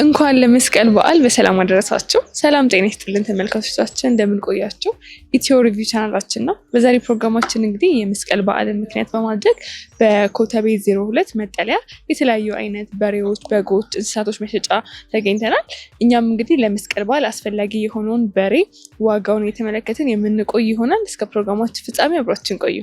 እንኳን ለመስቀል በዓል በሰላም አደረሳችሁ። ሰላም ጤና ይስጥልን ተመልካቾቻችን፣ እንደምንቆያችሁ ኢትዮ ሪቪው ቻናላችን ነው። በዛሬ ፕሮግራማችን እንግዲህ የመስቀል በዓልን ምክንያት በማድረግ በኮተቤ 02 መጠለያ የተለያዩ አይነት በሬዎች፣ በጎች፣ እንስሳቶች መሸጫ ተገኝተናል። እኛም እንግዲህ ለመስቀል በዓል አስፈላጊ የሆነውን በሬ ዋጋውን የተመለከትን የምንቆይ ይሆናል። እስከ ፕሮግራማችን ፍጻሜ አብራችን ቆዩ።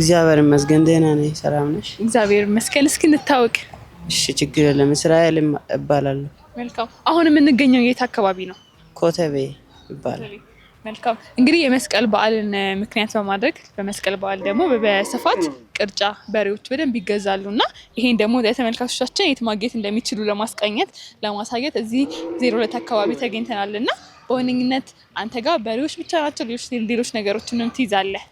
እግዚአብሔር ይመስገን ደህና ነኝ። ሰላም ነሽ? እግዚአብሔር ይመስገን። እስኪ እንታወቅ። እሺ፣ ችግር የለም። እስራኤል እባላለሁ። መልካም። አሁን የምንገኘው የት አካባቢ ነው? ኮተቤ ይባላል። መልካም። እንግዲህ የመስቀል በዓልን ምክንያት በማድረግ በመስቀል በዓል ደግሞ በስፋት ቅርጫ በሬዎች በደንብ ይገዛሉ እና ይሄን ደግሞ ለተመልካቾቻችን የት ማግኘት እንደሚችሉ ለማስቀኘት ለማሳየት እዚህ ዜሮ ሁለት አካባቢ ተገኝተናል እና በዋነኝነት አንተ ጋር በሬዎች ብቻ ናቸው ሌሎች ነገሮችንም ትይዛለህ?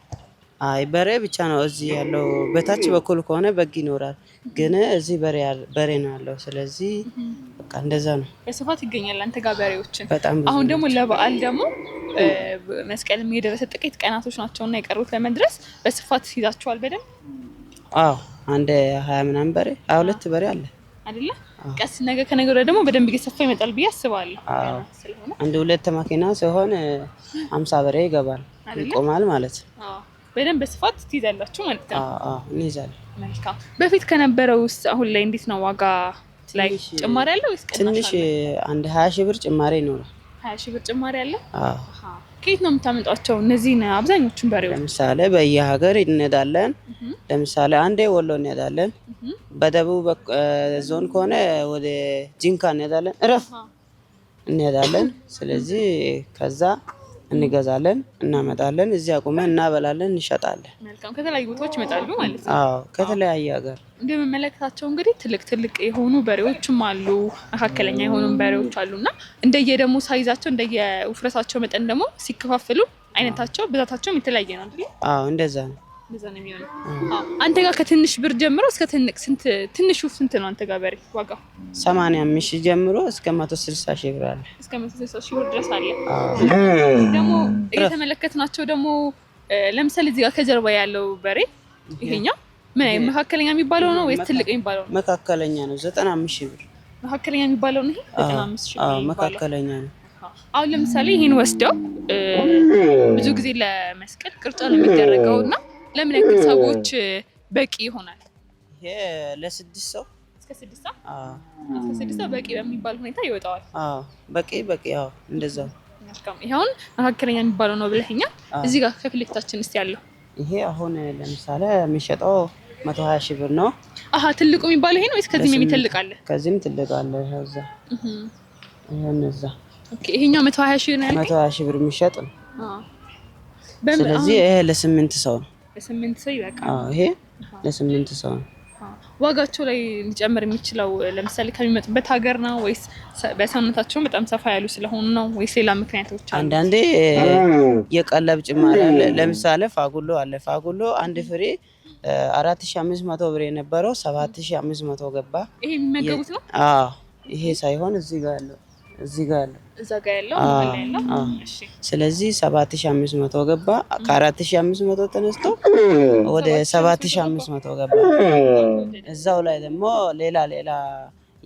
አይ በሬ ብቻ ነው እዚህ ያለው። በታች በኩል ከሆነ በግ ይኖራል፣ ግን እዚህ በሬ ነው ያለው። ስለዚህ በቃ እንደዛ ነው። በስፋት ይገኛል አንተ ጋር በሬዎችን በጣም አሁን ደግሞ ለበዓል ደግሞ መስቀልም የደረሰ ጥቂት ቀናቶች ናቸውና የቀሩት ለመድረስ በስፋት ይዛቸዋል በደንብ አዎ፣ አንድ ሀያ ምናምን በሬ ሀያ ሁለት በሬ አለ አይደለ? ቀስ ነገ ከነገ ወዲያ ደግሞ በደንብ እየሰፋ ይመጣል ብዬ አስባለሁ። አንድ ሁለት መኪና ሲሆን ሀምሳ በሬ ይገባል ይቆማል ማለት ነው። በደንብ በስፋት ትይዛላችሁ ማለት ነው? እንይዛለን። መልካም። በፊት ከነበረው ውስጥ አሁን ላይ እንዴት ነው ዋጋ ላይ ጭማሪ አለ ወይስ ትንሽ አንድ ሀያ ሺህ ብር ጭማሪ ይኖራል። ሀያ ሺህ ብር ጭማሪ አለ። ከየት ነው የምታመጧቸው እነዚህን አብዛኞቹን በሬዎች? ለምሳሌ በየሀገር እንሄዳለን። ለምሳሌ አንዴ ወሎ እንሄዳለን። በደቡብ ዞን ከሆነ ወደ ጂንካ እንሄዳለን፣ እረፍ እንሄዳለን። ስለዚህ ከዛ እንገዛለን፣ እናመጣለን። እዚህ አቁመን እናበላለን፣ እንሸጣለን። መልካም። ከተለያዩ ቦታዎች ይመጣሉ ማለት ነው? አዎ፣ ከተለያየ ሀገር እንደምመለከታቸው እንግዲህ ትልቅ ትልቅ የሆኑ በሬዎችም አሉ፣ መካከለኛ የሆኑ በሬዎች አሉ እና እንደየ ደግሞ ሳይዛቸው እንደየ ውፍረታቸው መጠን ደግሞ ሲከፋፍሉ አይነታቸው ብዛታቸውም የተለያየ ነው አዎ፣ እንደዛ ነው። አንተ ጋር ከትንሽ ብር ጀምሮ እስከ ትንቅ ስንት ትንሹ ስንት ነው? አንተ ጋር በሬ ዋጋ 85 ሺህ ጀምሮ እስከ 160 ሺህ ብር አለ። እስከ 160 ሺህ ብር ድረስ አለ። ደግሞ እየተመለከትናቸው ደግሞ ለምሳሌ እዚህ ጋር ከጀርባ ያለው በሬ ይሄኛው ምን መካከለኛ የሚባለው ነው ወይስ ትልቅ የሚባለው ነው? መካከለኛ ነው። 95 ሺህ ብር መካከለኛ የሚባለው ነው። ይሄ 95 ሺህ ብር መካከለኛ ነው። አሁን ለምሳሌ ይሄን ወስደው ብዙ ጊዜ ለመስቀል ቅርጫ ነው የሚደረገው እና ለምን ያክል ሰዎች በቂ ይሆናል? ይሄ ለስድስት ሰው እስከ ስድስት ሰው እስከ ስድስት ሰው በቂ በሚባል ሁኔታ ይወጣዋል። በቂ በቂ ያው እንደዛ ይኸውን መካከለኛ የሚባለው ነው ብለኸኛል። እዚህ ጋር ከፊት ለፊታችን እስቲ ያለው ይሄ አሁን ለምሳሌ የሚሸጠው መቶ ሀያ ሺህ ብር ነው። አሀ ትልቁ የሚባለው ይሄ ነው ወይስ ከዚህም የሚትልቅ አለ? ከዚህም ትልቅ አለ። እዛ እነዛ ይሄኛው መቶ ሀያ ሺህ ነው ያልከኝ? መቶ ሀያ ሺህ ብር የሚሸጥ ነው። ስለዚህ ይሄ ለስምንት ሰው ነው ለስምንት ሰው ይበቃል። ይሄ ለስምንት ሰው ነው። ዋጋቸው ላይ ሊጨምር የሚችለው ለምሳሌ ከሚመጡበት ሀገር ነው ወይስ በሰውነታቸውን በጣም ሰፋ ያሉ ስለሆኑ ነው ወይስ ሌላ ምክንያቶች? አንዳንዴ የቀለብ ጭማሪ አለ። ለምሳሌ ፋጉሎ አለ። ፋጉሎ አንድ ፍሬ አራት ሺ አምስት መቶ ብር የነበረው ሰባት ሺ አምስት መቶ ገባ። ይሄ የሚመገቡት ነው። ይሄ ሳይሆን እዚህ ጋር ያለው እዚህ ጋር ያለው እዛ ጋር ያለው ስለዚህ ሰባት ሺህ አምስት መቶ ገባ። ከአራት ሺህ አምስት መቶ ተነስቶ ወደ ሰባት ሺህ አምስት መቶ ገባ። እዛው ላይ ደግሞ ሌላ ሌላ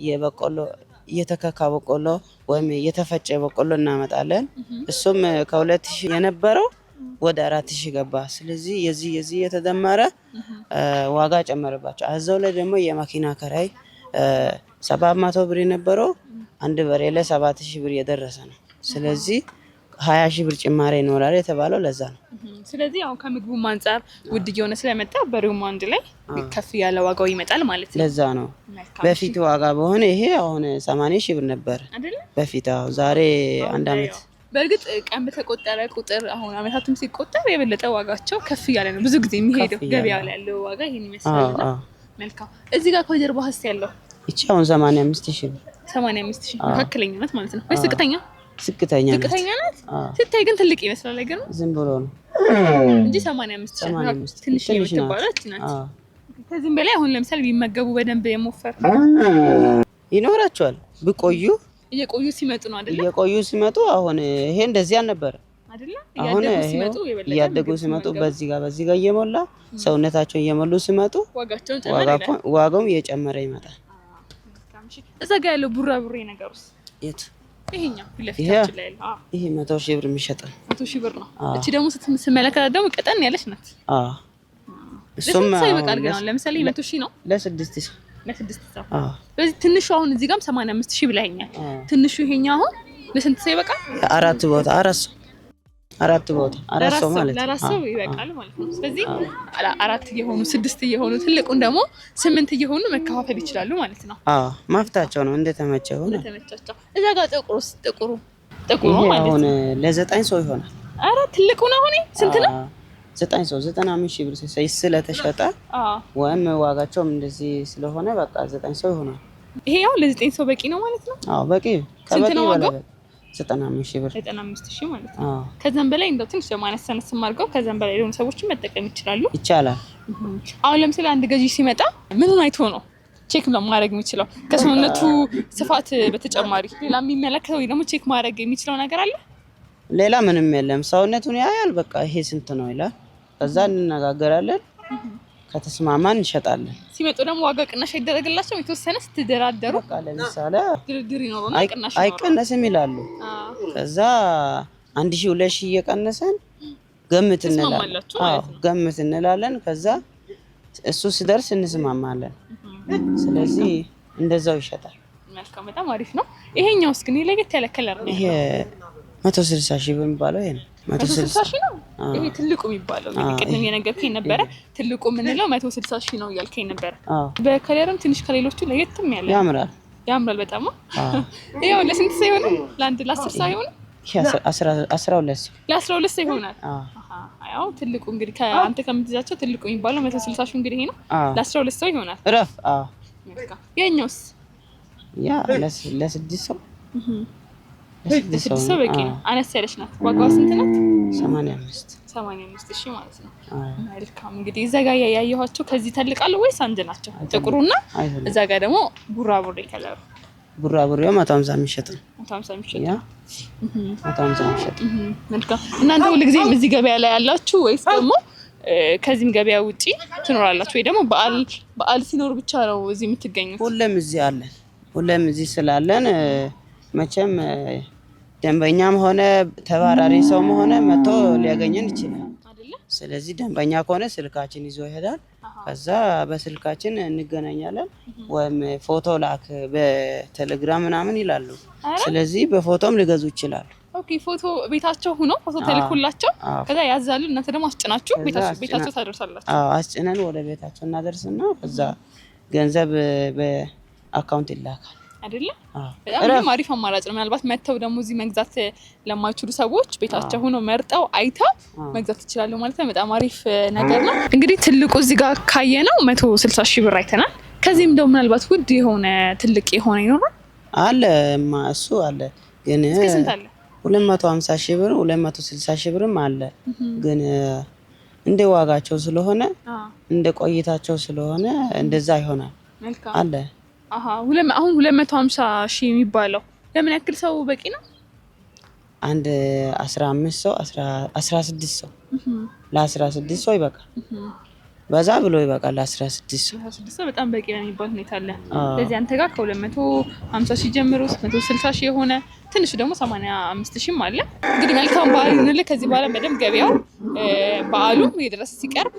የበቆሎ እየተከካ በቆሎ ወይም እየተፈጨ በቆሎ እናመጣለን። እሱም ከሁለት ሺህ የነበረው ወደ አራት ሺህ ገባ። ስለዚህ የዚህ የዚህ የተደመረ ዋጋ ጨመረባቸው። እዛው ላይ ደግሞ የመኪና ከራይ ሰባት መቶ ብር የነበረው አንድ በሬ ለሰባት ሺህ ብር የደረሰ ነው። ስለዚህ ሀያ ሺህ ብር ጭማሪ ይኖራል የተባለው ለዛ ነው። ስለዚህ አሁን ከምግቡም አንጻር ውድ እየሆነ ስለመጣ በሬውም አንድ ላይ ከፍ ያለ ዋጋው ይመጣል ማለት ነው። ለዛ ነው በፊት ዋጋ በሆነ ይሄ አሁን ሰማንያ ሺህ ብር ነበር በፊት ዛሬ አንድ አመት በእርግጥ ቀን በተቆጠረ ቁጥር አሁን አመታትም ሲቆጠር የበለጠ ዋጋቸው ከፍ እያለ ነው። ብዙ ጊዜ የሚሄደው ገበያ ላይ ያለው ዋጋ ይሄን ይመስላል። መልካም እዚህ ጋር ከጀርባ ህስ ያለው ይቺ አሁን ሰማንያ አምስት ሺህ ነው። ሰማንያ አምስት ሺህ መካከለኛ ናት ማለት ነው ወይስ ዝቅተኛ? ዝቅተኛ ዝቅተኛ ናት። ስታይ ግን ትልቅ ይመስላል። አይገርም? ዝም ብሎ ነው እንጂ ሰማንያ አምስት ሺህ ትንሽ የምትባለች ናት። ከዚህም በላይ አሁን ለምሳሌ ቢመገቡ በደንብ የሞፈር ይኖራቸዋል። ብቆዩ እየቆዩ ሲመጡ ነው አይደለ? እየቆዩ ሲመጡ አሁን ይሄ እንደዚህ አልነበረ አይደለ? አሁን እያደጉ ሲመጡ በዚህ ጋር በዚህ ጋር እየሞላ ሰውነታቸውን እየሞሉ ሲመጡ ዋጋቸውን ዋጋውም እየጨመረ ይመጣል። እዛ ጋ ያለው ቡራቡሬ ነገር ውስጥ የት? ይሄኛው ይሄ መቶ ሺህ ብር የሚሸጠው መቶ ሺህ ብር ነው። እቺ ደግሞ ስትመለከታት ደግሞ ቀጠን ያለች ናት። እሱም አሁን ለምሳሌ መቶ ሺህ ነው ለስድስት ሺህ ሰው በዚህ ትንሹ አሁን እዚህ ጋርም ሰማንያ አምስት ሺህ ብለኸኛል። ትንሹ ይሄኛው አሁን ለስንት ሰው ይበቃል? አራት ቦታ አራት ሰው አራት ቦታ አራት ሰው ማለት ነው። ለአራት ሰው ይበቃል ማለት ነው። ስለዚህ አራት እየሆኑ ስድስት እየሆኑ ትልቁን ደግሞ ስምንት እየሆኑ መከፋፈል ይችላሉ ማለት ነው። አዎ ማፍታቸው ነው እንደተመቸው ነው እንደተመቻቸው። እዛ ጋር ጥቁሩስ ጥቁሩ ጥቁሩ ማለት ነው ለዘጠኝ ሰው ይሆናል። አረ ትልቁ ነው። አሁን ስንት ነው? ዘጠኝ ሰው ዘጠና አምስት ሺህ ብር ስለተሸጠ ወይም ዋጋቸውም እንደዚህ ስለሆነ በቃ ዘጠኝ ሰው ይሆናል። ይሄ ያው ለዘጠኝ ሰው በቂ ነው ማለት ነው። አዎ በቂ ነው ስንት ዋጋው? ዘጠና አምስት ሺህ ብር ዘጠና አምስት ሺህ ማለት ነው። ከዛም በላይ እንደው ትንሽ ማነስ አነስ አድርገው ከዛም በላይ ደግሞ ሰዎችን መጠቀም ይችላሉ። ይቻላል። አሁን ለምሳሌ አንድ ገዢ ሲመጣ ምን አይቶ ነው ቼክ ማድረግ የሚችለው? ከሰውነቱ ስፋት በተጨማሪ ሌላ የሚመለከተው ወይ ደግሞ ቼክ ማድረግ የሚችለው ነገር አለ? ሌላ ምንም የለም። ሰውነቱን ያያል። በቃ ይሄ ስንት ነው ይላል። ከዛ እንነጋገራለን ከተስማማን እንሸጣለን። ሲመጡ ደግሞ ዋጋ ቅናሽ አይደረግላቸው የተወሰነ ስትደራደሩ ለምሳሌ ድርድር አይቀነስም ይላሉ። ከዛ አንድ ሺ ሁለት ሺ እየቀነሰን ገምት እንላለን። ገምት እንላለን። ከዛ እሱ ሲደርስ እንስማማለን። ስለዚህ እንደዛው ይሸጣል። መልካም፣ በጣም አሪፍ ነው። ይሄኛው እስኪ ለየት ያለ ከለር ነው። ይሄ መቶ ስልሳ ሺህ በሚባለው ይሄ ነው መቶ ስልሳ ሺህ ነው ይሄ ትልቁ የሚባለው። እንግዲህ ቅድም የነገርከኝ ነበረ ትልቁ የምንለው መቶ ስልሳ ሺህ ነው እያልከኝ ነበረ። በከለርም ትንሽ ከሌሎቹ ለየትም ያለ ያምራል፣ ያምራል በጣም ይኸው። ለስንት ሰው ይሆናል? ለአንድ ለአስር ሰው ይሆናል? አስራ ሁለት ሰው ለአስራ ሁለት ሰው ይሆናል። ያው ትልቁ እንግዲህ ከአንተ ከምትይዛቸው ትልቁ የሚባለው መቶ ስልሳ ሺህ እንግዲህ ይሄ ነው። ለአስራ ሁለት ሰው ይሆናል። ረፍ የኛውስ ያ ለስድስት ሰው ስድስት ሰው በቂ ነው። አነስ ያለች ናት። ዋጋዋ ስንት ናት? ሰማንያ አምስት ሰማንያ አምስት ሺህ ማለት ነው። መልካም እንግዲህ እዛ ጋር ያየኋቸው ከዚህ ተልቃለሁ ወይስ አንድ ናቸው? ጥቁሩ እና እዛ ጋር ደግሞ ቡራቡሬ ከለሩ ቡራቡሬው መቶ ሀምሳ የሚሸጥ ነው። መልካም። እናንተ ሁልጊዜም እዚህ ገበያ ላይ ያላችሁ ወይስ ደግሞ ከዚህም ገበያ ውጪ ትኖራላችሁ ወይ ደግሞ በዓል በዓል ሲኖር ብቻ ነው እዚህ የምትገኙት? ሁሌም እዚህ አለን። ሁሌም እዚህ ስላለን መቼም ደንበኛም ሆነ ተባራሪ ሰውም ሆነ መጥቶ ሊያገኘን ይችላል። ስለዚህ ደንበኛ ከሆነ ስልካችን ይዞ ይሄዳል። ከዛ በስልካችን እንገናኛለን። ወይም ፎቶ ላክ በቴሌግራም ምናምን ይላሉ። ስለዚህ በፎቶም ሊገዙ ይችላሉ። ኦኬ፣ ፎቶ ቤታቸው ሆኖ ፎቶ ተልኩላቸው፣ ከዛ ያዛሉ። እናንተ ደግሞ አስጭናችሁ ቤታቸው ታደርሳላችሁ። አስጭነን ወደ ቤታቸው እናደርስና ከዛ ገንዘብ በአካውንት ይላካል። አይደለ? በጣም አሪፍ አማራጭ ነው። ምናልባት መጥተው ደግሞ እዚህ መግዛት ለማይችሉ ሰዎች ቤታቸው ሆኖ መርጠው አይተው መግዛት ይችላሉ ማለት ነው። በጣም አሪፍ ነገር ነው። እንግዲህ ትልቁ እዚህ ጋር ካየ ነው መቶ ስልሳ ሺህ ብር አይተናል። ከዚህም ደግሞ ምናልባት ውድ የሆነ ትልቅ የሆነ ይኖራል አለ እሱ አለ ግን ሁለት መቶ ሀምሳ ሺህ ብር ሁለት መቶ ስልሳ ሺህ ብርም አለ ግን እንደ ዋጋቸው ስለሆነ እንደ ቆይታቸው ስለሆነ እንደዛ ይሆናል አለ አሁን ሁለት መቶ ሀምሳ ሺህ የሚባለው ለምን ያክል ሰው በቂ ነው? አንድ አስራ አምስት ሰው አስራ ስድስት ሰው ለአስራ ስድስት ሰው ይበቃል። በዛ ብሎ ይበቃል። ለአስራ ስድስት ሰው አስራ ስድስት ሰው በጣም በቂ የሚባል ሁኔታ አለ። ስለዚህ አንተ ጋር ከሁለት መቶ ሀምሳ ሺህ ጀምሮ መቶ ስልሳ ሺህ የሆነ ትንሹ ደግሞ ሰማንያ አምስት ሺህም አለ። እንግዲህ መልካም በዓል ይሁንልህ። ከዚህ በኋላ በደንብ ገበያው በዓሉ እየደረሰ ሲቀርብ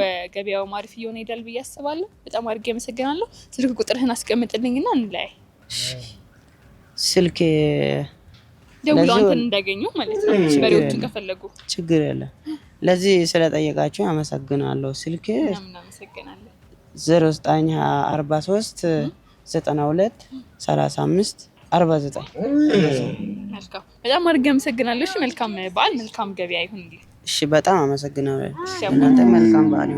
በገበያው አሪፍ እየሆነ ሄዳል ብዬ አስባለሁ። በጣም አድርጌ አመሰግናለሁ። ስልክ ቁጥርህን አስቀምጥልኝ አስቀምጥልኝና እንለያይ። ስልክ ደውሎ አንተን እንዳገኙ ማለት ነው በሬዎቹን ከፈለጉ ችግር የለም። ለዚህ ስለጠየቃችሁ አመሰግናለሁ። ስልክ ዜሮ ዘጠኝ አርባ ሶስት ዘጠና ሁለት ሰላሳ አምስት አርባ ዘጠኝ በጣም አድርጌ አመሰግናለሁ። መልካም በዓል፣ መልካም ገበያ ይሁን። እሺ በጣም አመሰግናለሁ። እናንተ መልካም በዓል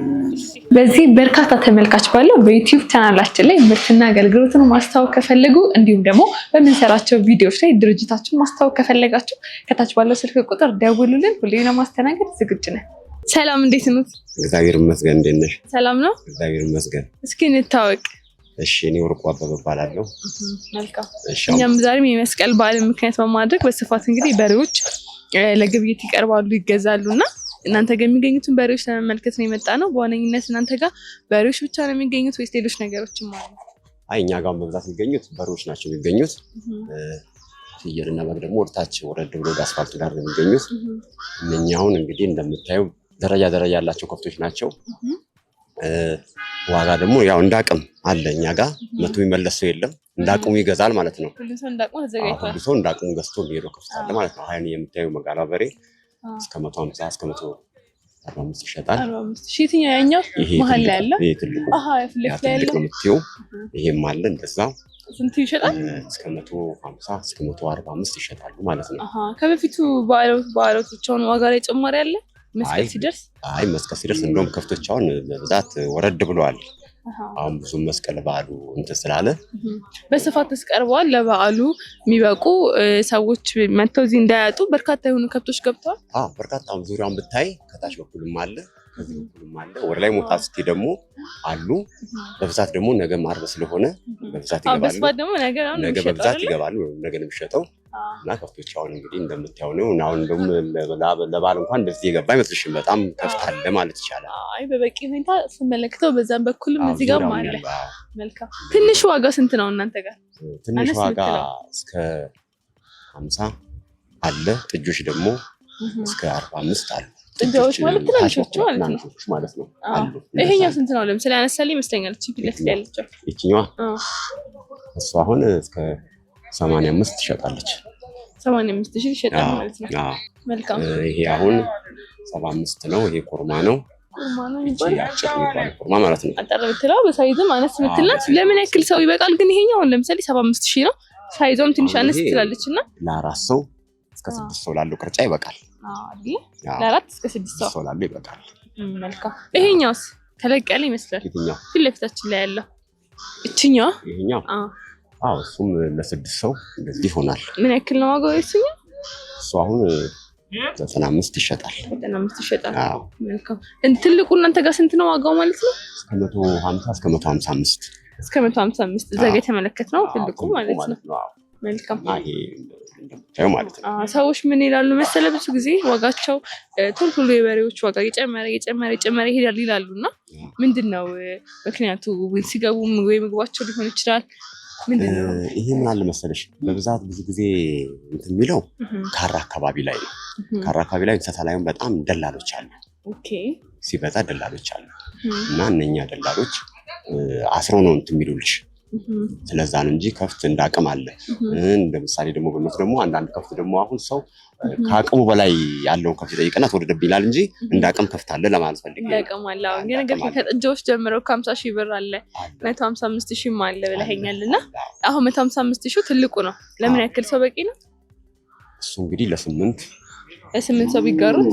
በዚህ በርካታ ተመልካች ባለው በዩቲዩብ ቻናላችን ላይ ምርትና አገልግሎትን ማስተዋወቅ ከፈለጉ እንዲሁም ደግሞ በምንሰራቸው ቪዲዮዎች ላይ ድርጅታችን ማስተዋወቅ ከፈለጋችሁ ከታች ባለው ስልክ ቁጥር ደውሉልን። ሁሌ ለማስተናገድ ዝግጁ ነን። ሰላም፣ እንዴት ነው? እግዚአብሔር ይመስገን። እንዴት ነሽ? ሰላም ነው፣ እግዚአብሔር ይመስገን። እስኪ እንታወቅ። እሺ፣ እኔ ወርቁ አበበ እባላለሁ። መልካም። እኛም ዛሬም የመስቀል በዓል ምክንያት በማድረግ በስፋት እንግዲህ በሬዎች ለግብይት ይቀርባሉ፣ ይገዛሉ እና እናንተ ጋር የሚገኙትን በሬዎች ለመመልከት ነው የመጣ ነው። በዋነኝነት እናንተ ጋር በሬዎች ብቻ ነው የሚገኙት ወይስ ሌሎች ነገሮችም አሉ? አይ እኛ ጋር በብዛት የሚገኙት በሬዎች ናቸው የሚገኙት። ፍየልና በግ ደግሞ ወደታች ወረድ ብሎ አስፋልቱ ጋር ነው የሚገኙት። እነኛ እንግዲህ እንደምታየው ደረጃ ደረጃ ያላቸው ከብቶች ናቸው። ዋጋ ደግሞ ያው እንደ አቅም አለ። እኛ ጋር መቶ የሚመለስ ሰው የለም። እንዳቅሙ ይገዛል ማለት ነው። ሁሉ ሰው እንዳቅሙ ገዝቶ የሚሄደው ከፍታ አለ ማለት ነው። ሀያን የምታየው መጋላ በሬ እስከ መቶ ሀምሳ እስከ መቶ አርባ አምስት ይሸጣል። ያኛው መሀል ላይ ይሄም አለ እንደዛ ስንት ይሸጣል? እስከ መቶ ሀምሳ እስከ መቶ አርባ አምስት ይሸጣሉ ማለት ነው። ከበፊቱ ዋጋ ላይ አለ መስቀል ሲደርስ። አይ መስቀል ሲደርስ እንደውም ከፍቶቻውን በብዛት ወረድ ብለዋል። አሁን ብዙ መስቀል በዓሉ እንትን ስላለ በስፋት ተስቀርበዋል። ለበዓሉ የሚበቁ ሰዎች መጥተው እዚህ እንዳያጡ በርካታ የሆኑ ከብቶች ገብተዋል። በርካታ ዙሪያውን ብታይ ከታች በኩልም አለ በዚህ በኩልም አለ። ወደ ላይ መውጣት ስትይ ደግሞ አሉ በብዛት ደግሞ ነገ ዓርብ ስለሆነ በብዛት ይገባሉ። ነገ በብዛት ይገባሉ። ነገ ነው የሚሸጠው እና ከፍቶች አሁን እንግዲህ እንደምታየው ነው። አሁን ደግሞ ለበዓል እንኳን እንደዚህ የገባ አይመስልሽም? በጣም ከፍት አለ ማለት ይቻላል። አይ በበቂ ሁኔታ ስመለክተው በዛም በኩልም እዚህ ጋር አለ። መልካም ትንሽ ዋጋ ስንት ነው እናንተ ጋር? ትንሽ ዋጋ እስከ ሀምሳ አለ። ጥጆች ደግሞ እስከ አርባ አምስት አሉ። ጥጋዎች ማለት ትናንሾቹ ማለት ነው። ይሄኛው ስንት ነው? ለምሳሌ አነሳል ይመስለኛል። እቺ ፊት ለፊት ይችኛዋ እሷ አሁን እስከ ሰማንያ አምስት ትሸጣለች። ሰማንያ አምስት ሺህ ይሸጣል ማለት ነው። መልካም። ይሄ አሁን ሰባ አምስት ነው። ይሄ ኮርማ ነው። ኮርማ ማለት ነው። አጠር ብትለው በሳይዝም አነስ ምትልናት ለምን ያክል ሰው ይበቃል? ግን ይሄኛው አሁን ለምሳሌ ሰባ አምስት ሺህ ነው። ሳይዞም ትንሽ አነስ ትላለች እና ለአራት ሰው እስከ ስድስት ሰው ላለው ቅርጫ ይበቃል። ለአራት እስከ ስድስት ሰው ላለ ይበቃል። መልካም። ይሄኛውስ ተለቅ ይመስላል። የትኛው? ፊት ለፊታችን ላይ ያለው ይችኛው። ይሄኛው? አዎ፣ እሱም ለስድስት ሰው እንደዚህ ይሆናል። ምን ያክል ነው ዋጋው? የሱኛው እሱ አሁን ዘጠና አምስት ይሸጣል። ዘጠና አምስት ይሸጣል። መልካም። ትልቁ እናንተ ጋር ስንት ነው ዋጋው ማለት ነው? እስከ መቶ ሀምሳ እስከ መቶ ሀምሳ አምስት እስከ መቶ ሀምሳ አምስት እዛ ጋ የተመለከት ነው ትልቁ ማለት ነው። መልካም ማለት ነው። ሰዎች ምን ይላሉ መሰለ፣ ብዙ ጊዜ ዋጋቸው ቶሎ ቶሎ የበሬዎች ዋጋ የጨመረ የጨመረ የጨመረ ይሄዳል ይላሉ እና ምንድን ነው ምክንያቱ? ሲገቡ ወይ ምግባቸው ሊሆን ይችላል ይሄ ምን አለ መሰለሽ፣ በብዛት ብዙ ጊዜ እንትን የሚለው ካራ አካባቢ ላይ ነው። ካራ አካባቢ ላይ እንስሳ ላይም በጣም ደላሎች አሉ፣ ሲበዛ ደላሎች አሉ። እና እነኛ ደላሎች አስረው ነው እንትን የሚሉልሽ ስለዛ ነው እንጂ ከፍት እንደ አቅም አለ። እንደምሳሌ ደግሞ በመት ደግሞ አንዳንድ ከፍት ደግሞ አሁን ሰው ከአቅሙ በላይ ያለውን ከፍት ይጠይቅና ተወደደብ ይላል እንጂ እንደ አቅም ከፍት አለ ለማለት ፈልግ እንዳቅም አለ። አሁን ግን ከጥጃዎች ጀምረው ከሀምሳ ሺህ ብር አለ መቶ ሀምሳ አምስት ሺህም አለ ብለኸኛል። እና አሁን መቶ ሀምሳ አምስት ሺህ ትልቁ ነው። ለምን ያክል ሰው በቂ ነው? እሱ እንግዲህ ለስምንት ለስምንት ሰው ቢጋሩት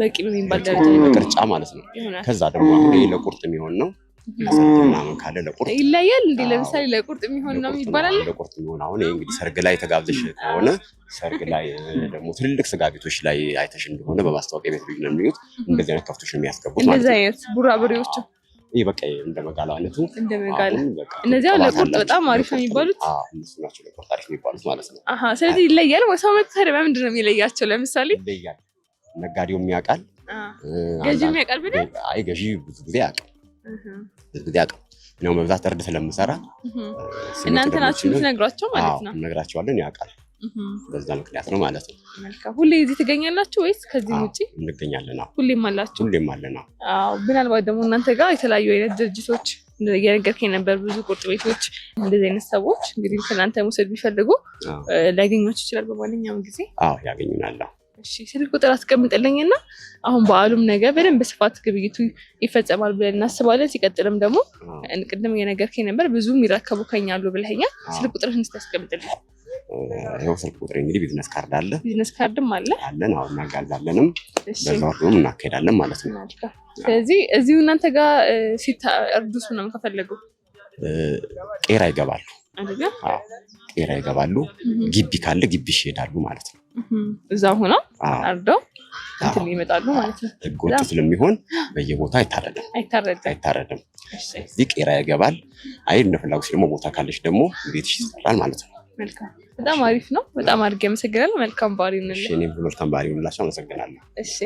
በቂ ነው የሚባል ደረጃ ቅርጫ ማለት ነው። ከዛ ደግሞ አሁን ለቁርጥ የሚሆን ነው ምናምን ካለ ለቁርጥ ይለያል እንዴ? ለምሳሌ ለቁርጥ የሚሆን ነው ይባላል። ለቁርጥ የሚሆን አሁን ይሄ እንግዲህ ሰርግ ላይ ተጋብዘሽ ከሆነ ሰርግ ላይ ደግሞ ትልልቅ ስጋ ቤቶች ላይ አይተሽ እንደሆነ በማስታወቂያ ቤት ልጅ ነው የሚሉት እንደዚህ አይነት ከፍቶች ነው የሚያስገቡት እንደዚህ አይነት ቡራቡሬዎች ይህ በቃ እንደ አይነቱ እንደ ለቁርጥ በጣም አሪፍ ነው የሚባሉት። እነሱ ናቸው ለቁርጥ አሪፍ የሚባሉት ማለት ነው። ስለዚህ ይለያል። ሰው መጥተህ በምንድን ነው የሚለያቸው? ለምሳሌ ይለያል። ነጋዴው የሚያውቃል፣ ገዢ የሚያውቃል ብለህ አይ ገዢ ብዙ ጊዜ ያውቃል ያውቅ ነው መብዛት እርድ ስለምሰራ እናንተ ናችሁ የምትነግሯቸው ማለት ነው። እነግራቸዋለን፣ ያውቃል። በዛ ምክንያት ነው ማለት ነው። ሁሌ እዚህ ትገኛላችሁ ወይስ ከዚህ ውጭ እንገኛለን? ሁሌም አላችሁ? ሁሌም አለን። ምናልባት ደግሞ እናንተ ጋር የተለያዩ አይነት ድርጅቶች እየነገርከኝ ነበር፣ ብዙ ቁርጥ ቤቶች፣ እንደዚህ አይነት ሰዎች እንግዲህ ከእናንተ መውሰድ ቢፈልጉ ሊያገኟቸው ይችላል። በማንኛውም ጊዜ ያገኙናል። ስልክ ቁጥር አስቀምጥልኝ እና አሁን በዓሉም ነገ በደንብ ስፋት ግብይቱ ይፈጸማል ብለን እናስባለን። ሲቀጥልም ደግሞ ቅድም የነገርከኝ ነበር ብዙ የሚረከቡ ከኛ አሉ ብለኸኛል። ስልክ ቁጥርህን እስኪ አስቀምጥልኝ። ይኸው ስልክ ቁጥር እንግዲህ ቢዝነስ ካርድ አለ፣ ቢዝነስ ካርድም አለ አለን። አሁን እናጋዛለንም በዛ ወርዶም እናካሄዳለን ማለት ነው። ስለዚህ እዚሁ እናንተ ጋር ሲታ እርዱስ ምናምን ከፈለጉ ቄራ ይገባሉ ቄራ ይገባሉ። ግቢ ካለ ግቢ ይሄዳሉ ማለት ነው። እዛ ሆነው አርደው እንትን ይመጣሉ ማለት ነው። ህገ ወጥ ስለሚሆን በየቦታ አይታረድም አይታረድም። እዚህ ቄራ ይገባል። አይ እንደፈላጉ ደግሞ ቦታ ካለች ደግሞ ቤትሽ ይሰራል ማለት ነው። በጣም አሪፍ ነው። በጣም አድርጌ አመሰግናለሁ። መልካም ባህሪ ነው። እሺ እኔም መልካም ባህሪ ነው። አመሰግናለሁ። እሺ